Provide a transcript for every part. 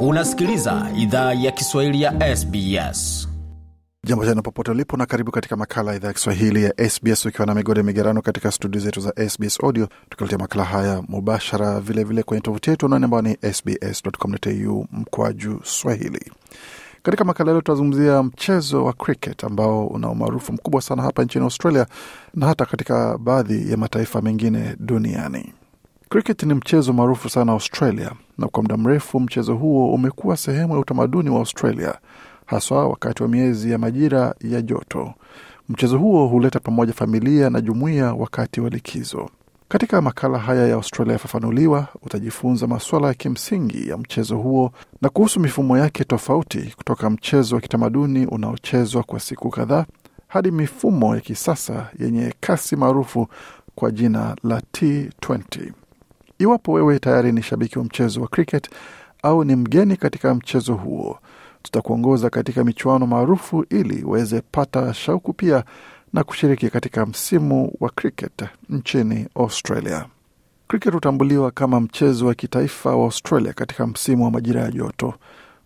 Unasikiliza idhaa ya Kiswahili ya SBS. Jambo jana popote ulipo na karibu katika makala ya idhaa ya Kiswahili ya SBS ukiwa na migode migerano katika studio zetu za SBS Audio, tukiletea makala haya mubashara vilevile kwenye tovuti yetu anaoni ambao ni mkoa mkwaju swahili. Katika makala leo tunazungumzia mchezo wa cricket ambao una umaarufu mkubwa sana hapa nchini Australia na hata katika baadhi ya mataifa mengine duniani. Cricket ni mchezo maarufu sana Australia, na kwa muda mrefu mchezo huo umekuwa sehemu ya utamaduni wa Australia, haswa wakati wa miezi ya majira ya joto. Mchezo huo huleta pamoja familia na jumuiya wakati wa likizo. Katika makala haya ya Australia Yafafanuliwa utajifunza masuala ya kimsingi ya mchezo huo na kuhusu mifumo yake tofauti, kutoka mchezo wa kitamaduni unaochezwa kwa siku kadhaa hadi mifumo ya kisasa yenye kasi maarufu kwa jina la T20. Iwapo wewe tayari ni shabiki wa mchezo wa cricket au ni mgeni katika mchezo huo, tutakuongoza katika michuano maarufu ili uweze pata shauku pia na kushiriki katika msimu wa cricket nchini Australia. Cricket hutambuliwa kama mchezo wa kitaifa wa Australia katika msimu wa majira ya joto.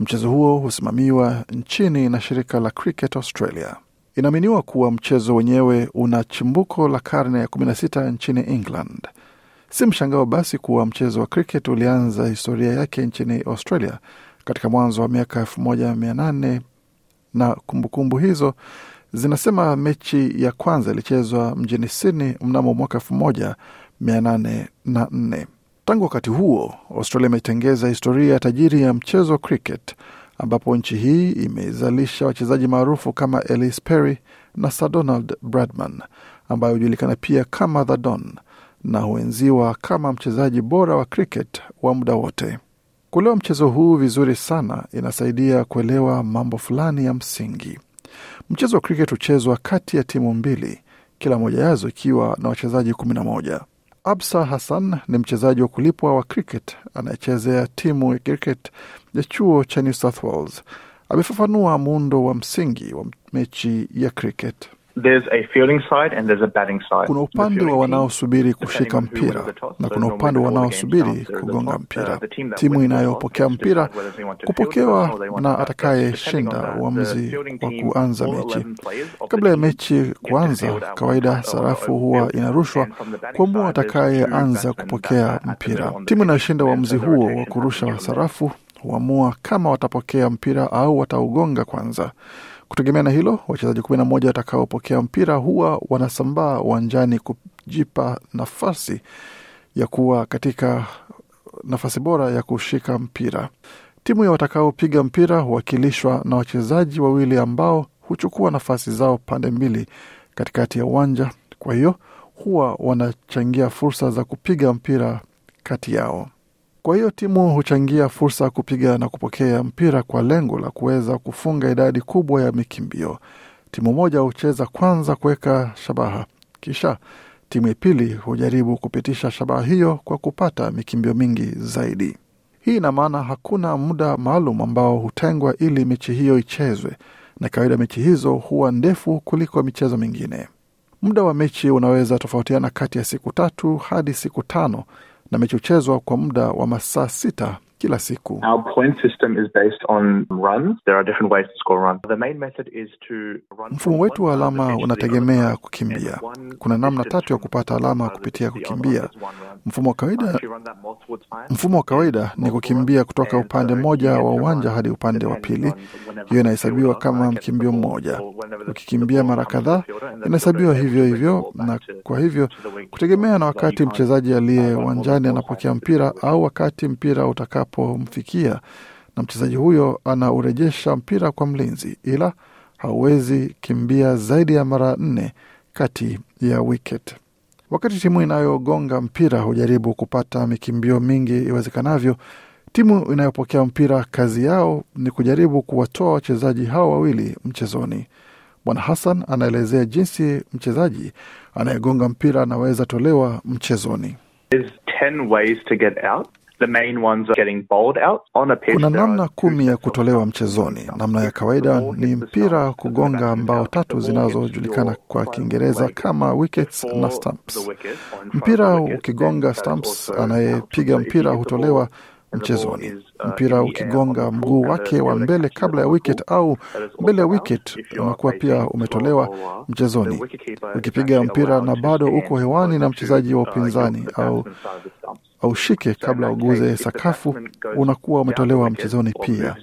Mchezo huo husimamiwa nchini na shirika la Cricket Australia. Inaaminiwa kuwa mchezo wenyewe una chimbuko la karne ya 16 nchini England. Si mshangao basi kuwa mchezo wa cricket ulianza historia yake nchini Australia katika mwanzo wa miaka nane na kumbukumbu kumbu hizo zinasema mechi ya kwanza ilichezwa mjini Sydney mnamo mwaka nne. Tangu wakati huo, Australia imetengeza historia ya tajiri ya mchezo wa cricket, ambapo nchi hii imezalisha wachezaji maarufu kama elis Perry na Sir Donald Bradman ambayo hujulikana pia kama The Don na huenziwa kama mchezaji bora wa cricket wa muda wote. Kuelewa mchezo huu vizuri sana inasaidia kuelewa mambo fulani ya msingi. Mchezo wa cricket huchezwa kati ya timu mbili, kila moja yazo ikiwa na wachezaji kumi na moja. Absa Hassan ni mchezaji wa kulipwa wa cricket anayechezea timu ya cricket ya chuo cha New South Wales. Amefafanua muundo wa msingi wa mechi ya cricket. Kuna upande wa wanaosubiri kushika uh, mpira na kuna upande wanaosubiri kugonga mpira. Timu inayopokea mpira kupokewa na atakayeshinda uamuzi wa kuanza mechi. Kabla ya mechi kuanza, kawaida sarafu huwa inarushwa kuamua atakayeanza kupokea mpira. Timu inayoshinda uamuzi huo wa kurusha sarafu huamua kama watapokea mpira au wataugonga kwanza. Kutegemea na hilo, wachezaji kumi na moja watakaopokea mpira huwa wanasambaa uwanjani kujipa nafasi ya kuwa katika nafasi bora ya kushika mpira. Timu ya watakaopiga mpira huwakilishwa na wachezaji wawili ambao huchukua nafasi zao pande mbili katikati ya uwanja, kwa hiyo huwa wanachangia fursa za kupiga mpira kati yao. Kwa hiyo timu huchangia fursa kupiga na kupokea mpira kwa lengo la kuweza kufunga idadi kubwa ya mikimbio. Timu moja hucheza kwanza kuweka shabaha, kisha timu ya pili hujaribu kupitisha shabaha hiyo kwa kupata mikimbio mingi zaidi. Hii ina maana hakuna muda maalum ambao hutengwa ili mechi hiyo ichezwe, na kawaida mechi hizo huwa ndefu kuliko michezo mingine. Muda wa mechi unaweza tofautiana kati ya siku tatu hadi siku tano na mechochezwa kwa muda wa masaa sita kila siku. Mfumo wetu wa alama unategemea kukimbia. Kuna namna tatu ya kupata alama kupitia kukimbia. Mfumo wa kawaida, mfumo wa kawaida ni kukimbia kutoka upande mmoja wa uwanja hadi upande wa pili. Hiyo inahesabiwa kama mkimbio mmoja. Ukikimbia mara kadhaa, inahesabiwa hivyo hivyo, na kwa hivyo kutegemea na wakati mchezaji aliye uwanjani anapokea mpira au wakati mpira utakapo unapomfikia na mchezaji huyo anaurejesha mpira kwa mlinzi, ila hauwezi kimbia zaidi ya mara nne kati ya wiket. Wakati timu inayogonga mpira hujaribu kupata mikimbio mingi iwezekanavyo, timu inayopokea mpira kazi yao ni kujaribu kuwatoa wachezaji hao wawili mchezoni. Bwana Hassan anaelezea jinsi mchezaji anayegonga mpira anaweza tolewa mchezoni. There's 10 ways to get out. Kuna namna kumi ya kutolewa mchezoni. Namna ya kawaida ni mpira kugonga mbao tatu zinazojulikana kwa Kiingereza kama wickets na stumps. Mpira ukigonga stumps, anayepiga mpira hutolewa mchezoni. Mpira ukigonga mguu wake wa mbele kabla ya wicket au mbele ya wicket unakuwa pia umetolewa mchezoni. Ukipiga mpira na bado uko hewani na mchezaji wa upinzani au aushike kabla uguze sakafu, unakuwa umetolewa mchezoni. Pia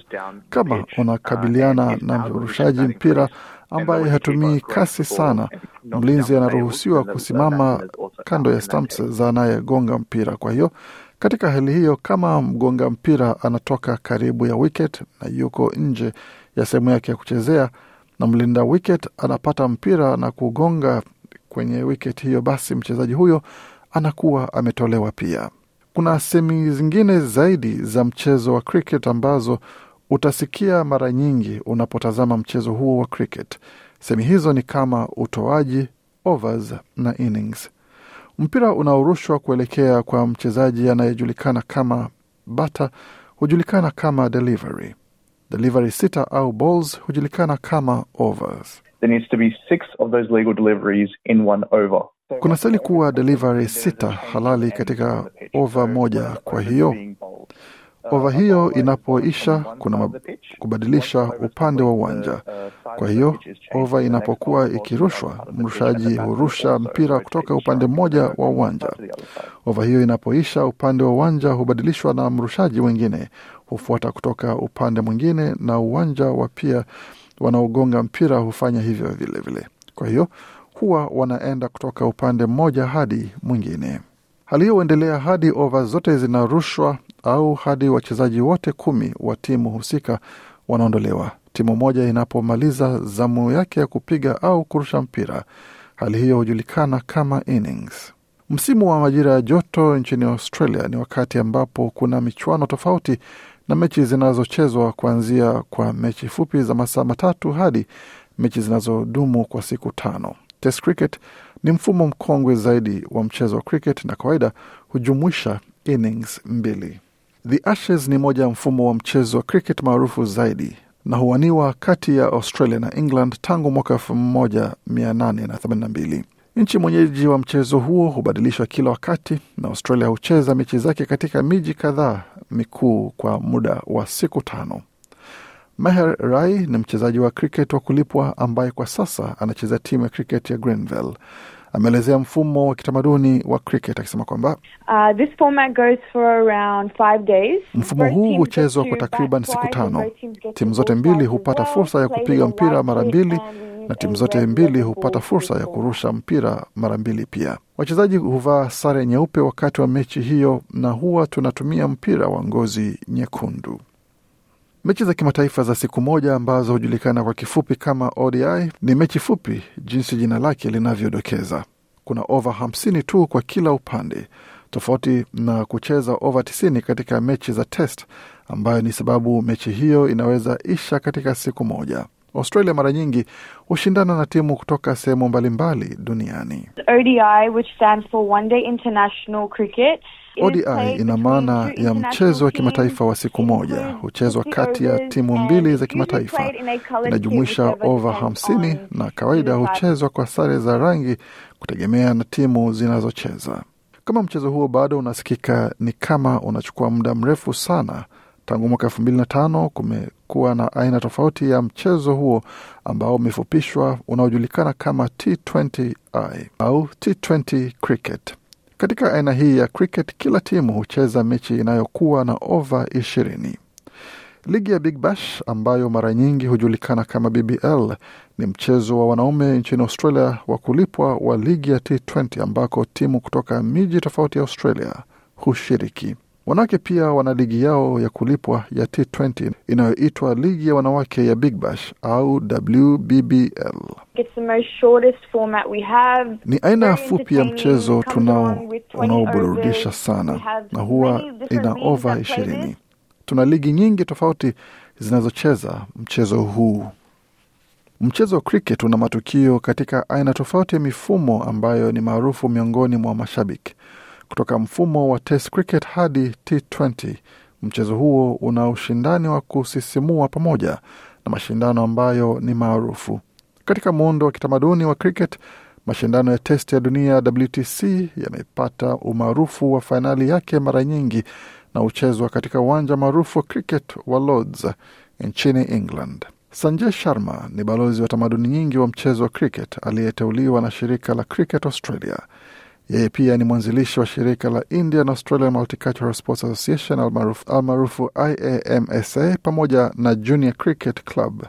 kama uh, unakabiliana na mrushaji mpira ambaye hatumii kasi sana, mlinzi anaruhusiwa kusimama kando ya stumps za anayegonga mpira. Kwa hiyo katika hali hiyo, kama mgonga mpira anatoka karibu ya wicket na yuko nje ya sehemu yake ya kuchezea na mlinda wicket anapata mpira na kugonga kwenye wicket hiyo, basi mchezaji huyo anakuwa ametolewa pia. Kuna semi zingine zaidi za mchezo wa cricket ambazo utasikia mara nyingi unapotazama mchezo huo wa cricket. Semi hizo ni kama utoaji, overs na innings. Mpira unaorushwa kuelekea kwa mchezaji anayejulikana kama bata hujulikana kama delivery. Delivery sita au balls hujulikana kama overs. There needs to be six of those legal deliveries in one over kuna stali kuwa delivery sita halali katika ova moja. Kwa hiyo ova hiyo inapoisha, kuna kubadilisha upande wa uwanja. Kwa hiyo ova inapokuwa ikirushwa, mrushaji hurusha mpira kutoka upande mmoja wa uwanja. Ova hiyo inapoisha, upande wa uwanja hubadilishwa na mrushaji wengine hufuata kutoka upande mwingine, na uwanja wa pia wanaogonga mpira hufanya hivyo vilevile Kwa hiyo kuwa wanaenda kutoka upande mmoja hadi mwingine. Hali hiyo huendelea hadi ova zote zinarushwa au hadi wachezaji wote kumi wa timu husika wanaondolewa. Timu moja inapomaliza zamu yake ya kupiga au kurusha mpira, hali hiyo hujulikana kama innings. Msimu wa majira ya joto nchini Australia ni wakati ambapo kuna michuano tofauti na mechi zinazochezwa kuanzia kwa mechi fupi za masaa matatu hadi mechi zinazodumu kwa siku tano. Test cricket ni mfumo mkongwe zaidi wa mchezo wa cricket na kawaida hujumuisha innings mbili. The Ashes ni moja ya mfumo wa mchezo wa cricket maarufu zaidi na huwaniwa kati ya Australia na England tangu mwaka 1882. Nchi mwenyeji wa mchezo huo hubadilishwa kila wakati na Australia hucheza mechi zake katika miji kadhaa mikuu kwa muda wa siku tano. Meher Rai ni mchezaji wa kriket wa kulipwa ambaye kwa sasa anachezea timu ya kriket ya grenville Ameelezea mfumo wa kitamaduni wa kriket akisema kwamba uh, mfumo huu huchezwa kwa takriban siku tano. Timu zote mbili hupata fursa ya kupiga mpira mara mbili na timu zote mbili hupata fursa ya kurusha mpira mara mbili pia. Wachezaji huvaa sare nyeupe wakati wa mechi hiyo, na huwa tunatumia mpira wa ngozi nyekundu. Mechi za kimataifa za siku moja ambazo hujulikana kwa kifupi kama ODI ni mechi fupi jinsi jina lake linavyodokeza. Kuna ova 50 tu kwa kila upande, tofauti na kucheza ova 90 katika mechi za test, ambayo ni sababu mechi hiyo inaweza isha katika siku moja. Australia mara nyingi hushindana na timu kutoka sehemu mbalimbali duniani. ODI, which stands for One Day International Cricket ODI ina maana ya mchezo wa kimataifa wa siku moja, huchezwa kati ya timu mbili za kimataifa, inajumuisha ova hamsini na kawaida huchezwa kwa sare za rangi kutegemea na timu zinazocheza. Kama mchezo huo bado unasikika ni kama unachukua muda mrefu sana, tangu mwaka elfu mbili na tano kumekuwa na aina tofauti ya mchezo huo ambao umefupishwa unaojulikana kama T20I au T20 cricket. Katika aina hii ya cricket kila timu hucheza mechi inayokuwa na ova ishirini. Ligi ya Big Bash ambayo mara nyingi hujulikana kama BBL ni mchezo wa wanaume nchini Australia wa kulipwa wa ligi ya T20 ambako timu kutoka miji tofauti ya Australia hushiriki. Wanawake pia wana ligi yao ya kulipwa ya T20 inayoitwa ligi ya wanawake ya Big Bash au WBBL. It's the most shortest format we have. Ni aina fupi ya mchezo tunao unaoburudisha sana na huwa ina ova ishirini. Tuna ligi nyingi tofauti zinazocheza mchezo huu. Mchezo wa cricket una matukio katika aina tofauti ya mifumo ambayo ni maarufu miongoni mwa mashabiki kutoka mfumo wa Test cricket hadi T20. Mchezo huo una ushindani wa kusisimua pamoja na mashindano ambayo ni maarufu katika muundo wa kitamaduni wa cricket. Mashindano ya test ya dunia WTC yamepata umaarufu wa fainali yake mara nyingi na huchezwa katika uwanja maarufu wa cricket wa Lords nchini England. Sanjay Sharma ni balozi wa tamaduni nyingi wa mchezo wa cricket aliyeteuliwa na shirika la Cricket Australia. Yeye pia ni mwanzilishi wa shirika la Indian Australian Multicultural Sports Association almaarufu IAMSA pamoja na Junior Cricket Club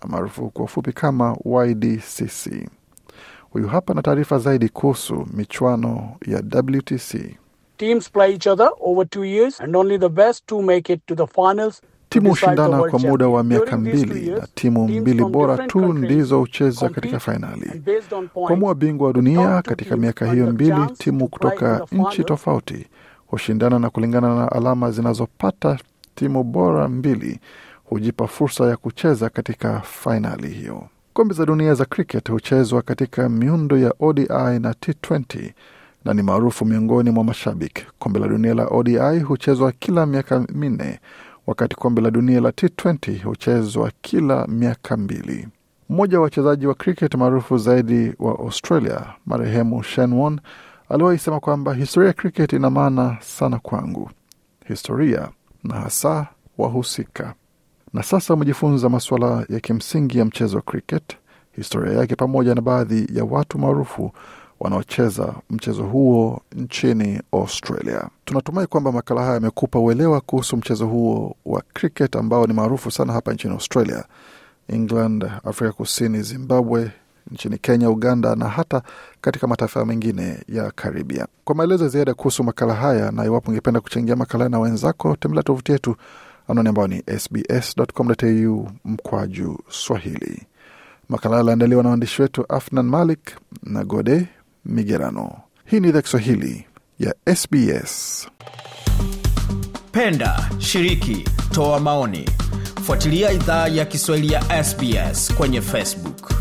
almaarufu kwa ufupi kama YDCC. Huyu hapa na taarifa zaidi kuhusu michuano ya WTC. Teams play each other over two years and only the best two make it to the finals Timu hushindana kwa muda wa miaka mbili na timu mbili bora tu ndizo hucheza katika fainali kwa mua bingwa wa dunia. Katika miaka hiyo mbili, timu kutoka nchi tofauti hushindana na kulingana na alama zinazopata timu bora mbili hujipa fursa ya kucheza katika fainali hiyo. Kombe za dunia za cricket huchezwa katika miundo ya ODI na T20 na ni maarufu miongoni mwa mashabiki. Kombe la dunia la ODI huchezwa kila miaka minne wakati kombe la dunia la T20 huchezwa kila miaka mbili. Mmoja wa wachezaji wa cricket maarufu zaidi wa Australia, marehemu Shane Warne, aliwahi sema kwamba historia ya cricket ina maana sana kwangu, historia na hasa wahusika. Na sasa umejifunza masuala ya kimsingi ya mchezo wa cricket, historia yake, pamoja na baadhi ya watu maarufu wanaocheza mchezo huo nchini Australia. Tunatumai kwamba makala haya yamekupa uelewa kuhusu mchezo huo wa cricket ambao ni maarufu sana hapa nchini Australia, England, Afrika Kusini, Zimbabwe, nchini Kenya, Uganda na hata katika mataifa mengine ya Karibia. Kwa maelezo ziada kuhusu makala haya na iwapo ungependa kuchangia makala na wenzako, tembelea tovuti yetu anwani ambayo ni sbs.com.au mkwaju Swahili. Makala yaliandaliwa na waandishi wetu Afnan Malik na Gode Migerano. Hii ni idhaa Kiswahili ya SBS. Penda, shiriki, toa maoni, fuatilia idhaa ya Kiswahili ya SBS kwenye Facebook.